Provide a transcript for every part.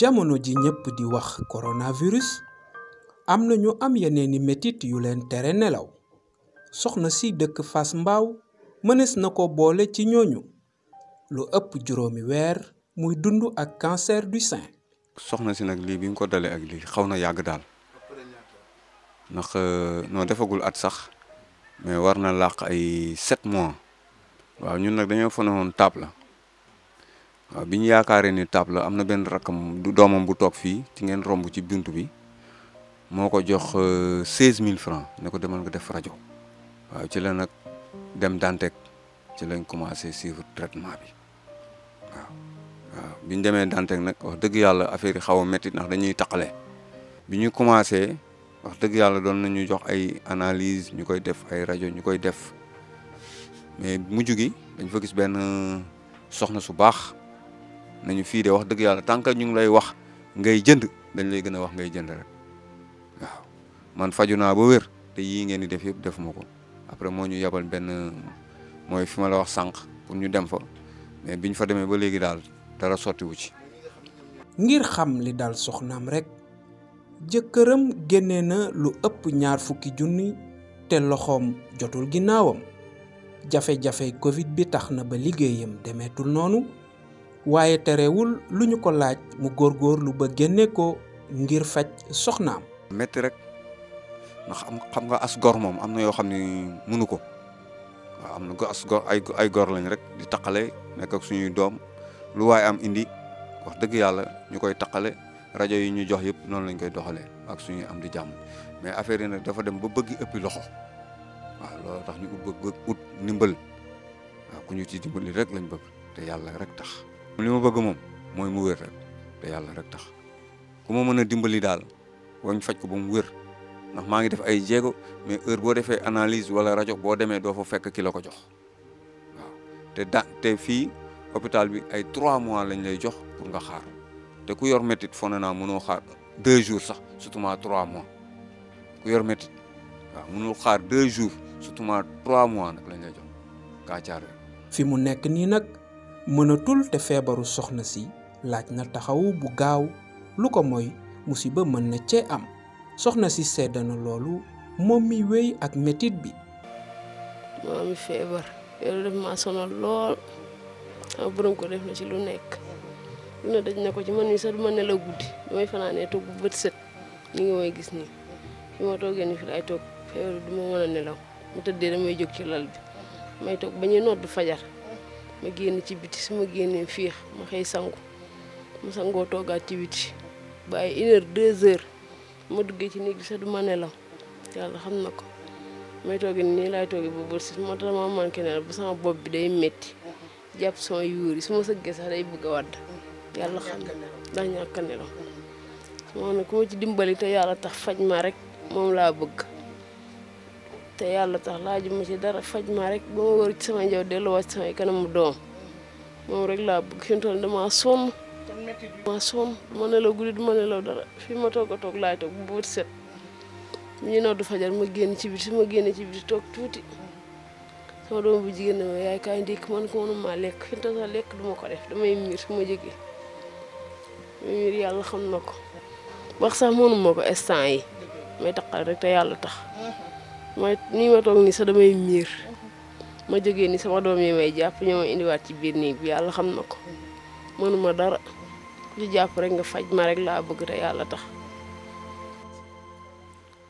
jamono ji ñëpp di wax coronavirus am na ñu am yeneen yeneeni metit yu leen tere nelaw soxna si dëkk fas Mbao mënees na ko boole ci ñooñu lu ëpp juróomi weer muy dund ak cancer du sein. soxna si nag lii bi nga ko dalee ak lii xaw na yàgg daal ndax euh, noo defagul at sax mais war na làq ay sept mois waaw ñun nag dañoo fanawoon taab la. biñu yaakaare ni taab la am na benn du domam bu tok fi ci ngeen rombu ci buntu bi moko jox 16000 euh, francs ne ko demal nga def radio waaw ci la nak dem dantek ci lañ commencer suivre traitement bi waaw biñu bi dantek nak wax deug yalla affaire yi xaw a métti dañuy takalé biñu commencer wax deug yalla doon nañu jox ay analyse ñukoy def ay radio ñukoy def mais mujju gi dañ fa gis ben euh, soxna su bax nañu fii de wax dëgg yàlla tant que ñu ngi lay wax ngay jënd dañ lay gën a wax ngay jënd rek waaw man faju naa ba wér te yii ngeen di def yëpp defuma ko après moo ñu yabal benn mooy fi ma la wax sànq pour ñu dem fa mais biñ fa demee ba léegi daal dara sottiwu ci. ngir xam li daal soxnaam rek jëkkëram génnee na lu ëpp ñaar fukki junni te loxoom jotul ginnaawam jafe-jafe Covid bi tax na ba liggéeyam demeetul noonu. waaye terewul lu ñu ko laaj mu góor góor lu ba génne ko ngir faj soxnaam. metti rek ndax am xam nga as gor moom am na yoo xam ni munu ko waaw am na go as gor ay ay gor lañ rek di taqale nekk ak suñuy doom lu waaye am indi wax dëgg yàlla ñu koy taqale rajo yi ñu jox yëpp noonu lañ koy doxalee ak suñuy am di jàmm mais affaire yi nag dafa dem ba bëgg ëpp loxo waaw loolu tax ñu ko bëgg ut ndimbal waaw ku ñu ci dimbali rek lañ bëgg te yàlla rek tax. li ma bëgg moom mooy mu wér rek yàlla rek tax ku ma mën a dimbali daal boo wañ faj ko ba mu wér ndax maa ngi def ay jéego mais heure boo defee analyse wala rajo boo demee doo fo fekk ki ko jox waaw te da te fii hôpital bi ay trois mois lañ lay jox pour nga xaar te ku yor métit fone naa mënoo xaar deux jours sax surtout trois mois ku yor métit waaw mënul xaar deux jours surtout ma trois mois nag lañ la jox kaa caar fi mu nekk nii nag mënatul te feebaru soxna si laaj na taxaw bu gaaw lu ko mooy musiba mën na cee am soxna si sedd na loolu moom mi wéy ak metit bi maa mi feebar loolu def maa sonal lool sama borom ko def na ci lu nekk lu ne daj na ko ci man mi sax duma nelaw guddi damay fanaanee toog bët set ñu ngi may gis nii fi ma toogee ni fi laay toog feebar bi duma mën a nelaw mu tëddee damay jóg ci lal bi may toog ba nodd fajar ma génn ci biti su ma génnee fiix ma xëy sangu ma sangoo toogaat ci biti bàyyi une heure deux heures ma duggee ci néeg bi sax du ma nelaw yàlla xam na ko may toogee nii lay toogee ba bët si moo tax ma manqué nelaw ba sama bopp bi day metti jàpp sama yuur yi su ma sëggee sax day bëgg a wàdd yàlla xam na daa ñàkk a nelaw su ma ne ku ma ci dimbali te yàlla tax faj ma rek moom laa bëgg te yàlla tax laaju ma ci dara faj ma rek ba ma wër ci sama njaw delluwaat ci samay kanamu doom moom rek laa bëgg fi mu toll damaa sonn damaa nelaw guddi du ma nelaw dara fi ma toog a toog laay toog bu set ñu noddu fajar ma génn ci biti ma génn ci biti toog tuuti sama bu jigéen ne ma yaay kaay ndékk man ko ma lekk fi mu sax lekk du ma ko def damay miir su ma jógee damay miir yàlla xam na ko wax sax mënuma ko instant yi may taqal rek te yàlla tax ma nii ma toog ni sax damay mir ma ni sama doom yi may jàpp ñoo ini indiwaat ci biir ni bi ala xam na ko mënuma dara ku ci jàpp rek nga faj ma rek laa bëgg te yàlla tax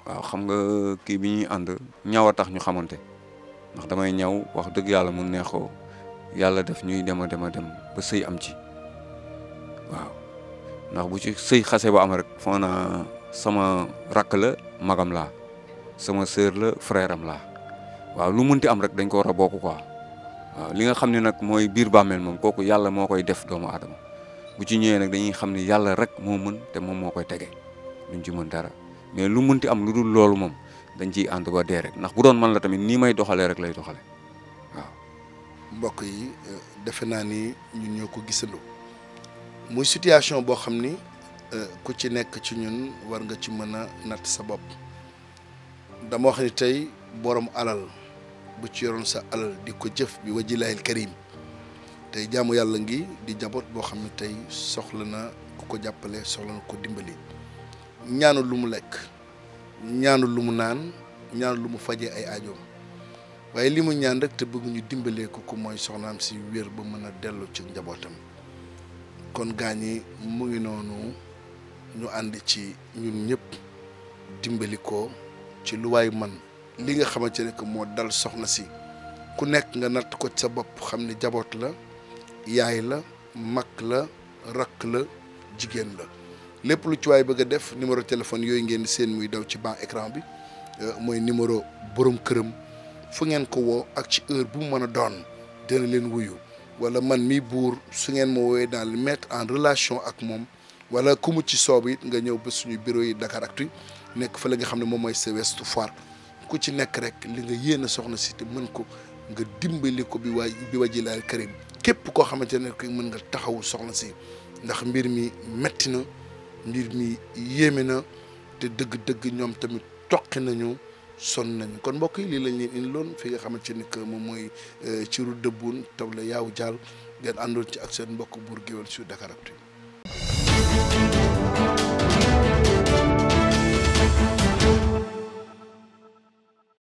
waaw xam nga ki bi ñuy ànd ñaw a tax ñu xamante ndax damay ñaw wax dëgg yàlla mu neex ko def ñuy dem ba am ci waaw ndax bu ci ba am rek sama rakala la magam la sama sœur la frère am la waaw lu munti am rek dañ ko war a bokk quoi waaw li nga xam ne nag mooy biir bàmmeel moom kooku yàlla moo koy def doomu aadama bu ci ñëwee nag dañuy xam ne yàlla rek moo mën te moom moo koy tege duñ ci mën dara mais lu munti am lu loolu moom dañ ciy ànd ba dee rek ndax bu doon man la tamit nii may doxalee rek lay doxale waaw. mbokk yi euh, defe naa ni ñun ñoo ko gisandoo muy situation boo xam ni euh, ku ci nekk ci ñun war nga ci mën a natt sa bopp. dama wax ni tey borom alal bu ci yoron sa alal di ko jëf bi wajilaahil karim tey jaamu yàlla ngi di jabot boo xam ne tey soxla na ku ko jàppale soxla na ko dimbali ñaanu lu mu lekk ñaanu lu mu naan ñaanu lu mu faje ay aajoom waaye li mu ñaan rek te bëgg ñu dimbalee ko ko mooy soxnaam si wér ba mën a dellu ci njabootam kon gaañi mu ngi noonu ñu ànd ci ñun ñëpp dimbali ko ci lu waay man li nga xamante ne que moo dal soxna si ku nekk nga natt ko sa bopp xam ne jaboot la yaay la mag la rakk la jigéen la lépp lu ci waay bëgg a def numéro téléphone yooyu ngeen di seen muy daw ci ban écran bi euh, mooy numéro borom këram fu ngeen ko woo ak ci heure bi mu mën a doon dina leen wuyu wala man mi buur su ngeen ma woowee daal mettre en relation ak moom wala ku mu ci soob it nga ñëw ba suñu bureau yi Dakaractu nekk fa la nga xam ne moom mooy sewestu Ouest Foire ku ci nekk rek li nga yéene soxna si te mën ko nga dimbali ko bi waa bi waa Jilal Karim képp koo xamante ne ko mën nga taxawu soxna si ndax mbir mi metti na mbir mi yéeme na te dëgg-dëgg ñoom tamit toqi nañu sonn nañu kon mbokk yi lii lañ leen indiloon fi nga xamante ni que moom mooy euh, ci route de Boune taw la yaaw jaal ngeen àndoon ci ak seen mbokk buur géwél su Dakaractu